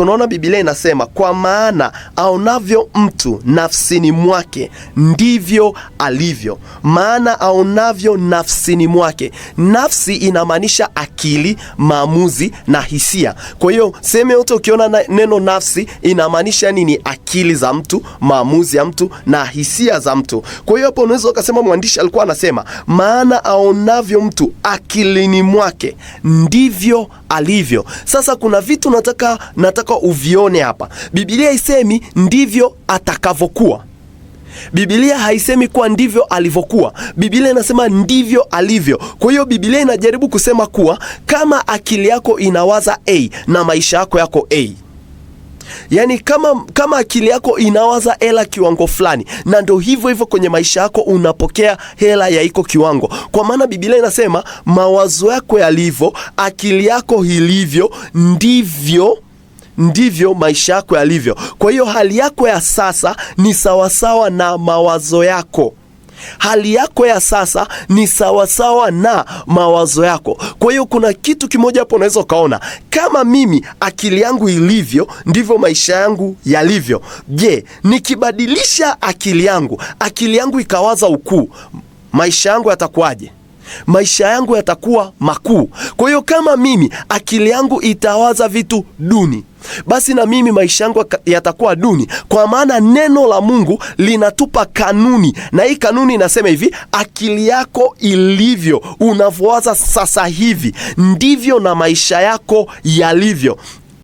tunaona Biblia inasema kwa maana aonavyo mtu nafsini mwake ndivyo alivyo. Maana aonavyo nafsini mwake, nafsi inamaanisha akili, maamuzi na hisia. Kwa hiyo sehemu yote ukiona na, neno nafsi inamaanisha nini? Akili za mtu, maamuzi ya mtu na hisia za mtu. Kwa hiyo hapo unaweza ukasema mwandishi alikuwa anasema maana aonavyo mtu akilini mwake ndivyo alivyo. Sasa kuna vitu nataka nataka unatakiwa uvione hapa. Biblia haisemi ndivyo atakavyokuwa. Biblia haisemi kuwa ndivyo alivyokuwa. Biblia inasema ndivyo alivyo. Kwa hiyo Biblia inajaribu kusema kuwa kama akili yako inawaza A na maisha yako yako A. Yaani kama, kama akili yako inawaza hela kiwango fulani, na ndo hivyo hivyo kwenye maisha yako unapokea hela ya iko kiwango, kwa maana Biblia inasema mawazo yako yalivyo, akili yako ilivyo, ndivyo ndivyo maisha yako yalivyo. Kwa hiyo hali yako ya sasa ni sawasawa na mawazo yako. Hali yako ya sasa ni sawasawa na mawazo yako. Kwa hiyo kuna kitu kimoja hapo unaweza ukaona, kama mimi akili yangu ilivyo ndivyo maisha yangu yalivyo. Je, nikibadilisha akili yangu, akili yangu ikawaza ukuu, maisha yangu yatakuwaje? maisha yangu yatakuwa makuu. Kwa hiyo kama mimi akili yangu itawaza vitu duni, basi na mimi maisha yangu yatakuwa duni, kwa maana neno la Mungu linatupa kanuni, na hii kanuni inasema hivi: akili yako ilivyo, unavyowaza sasa hivi, ndivyo na maisha yako yalivyo.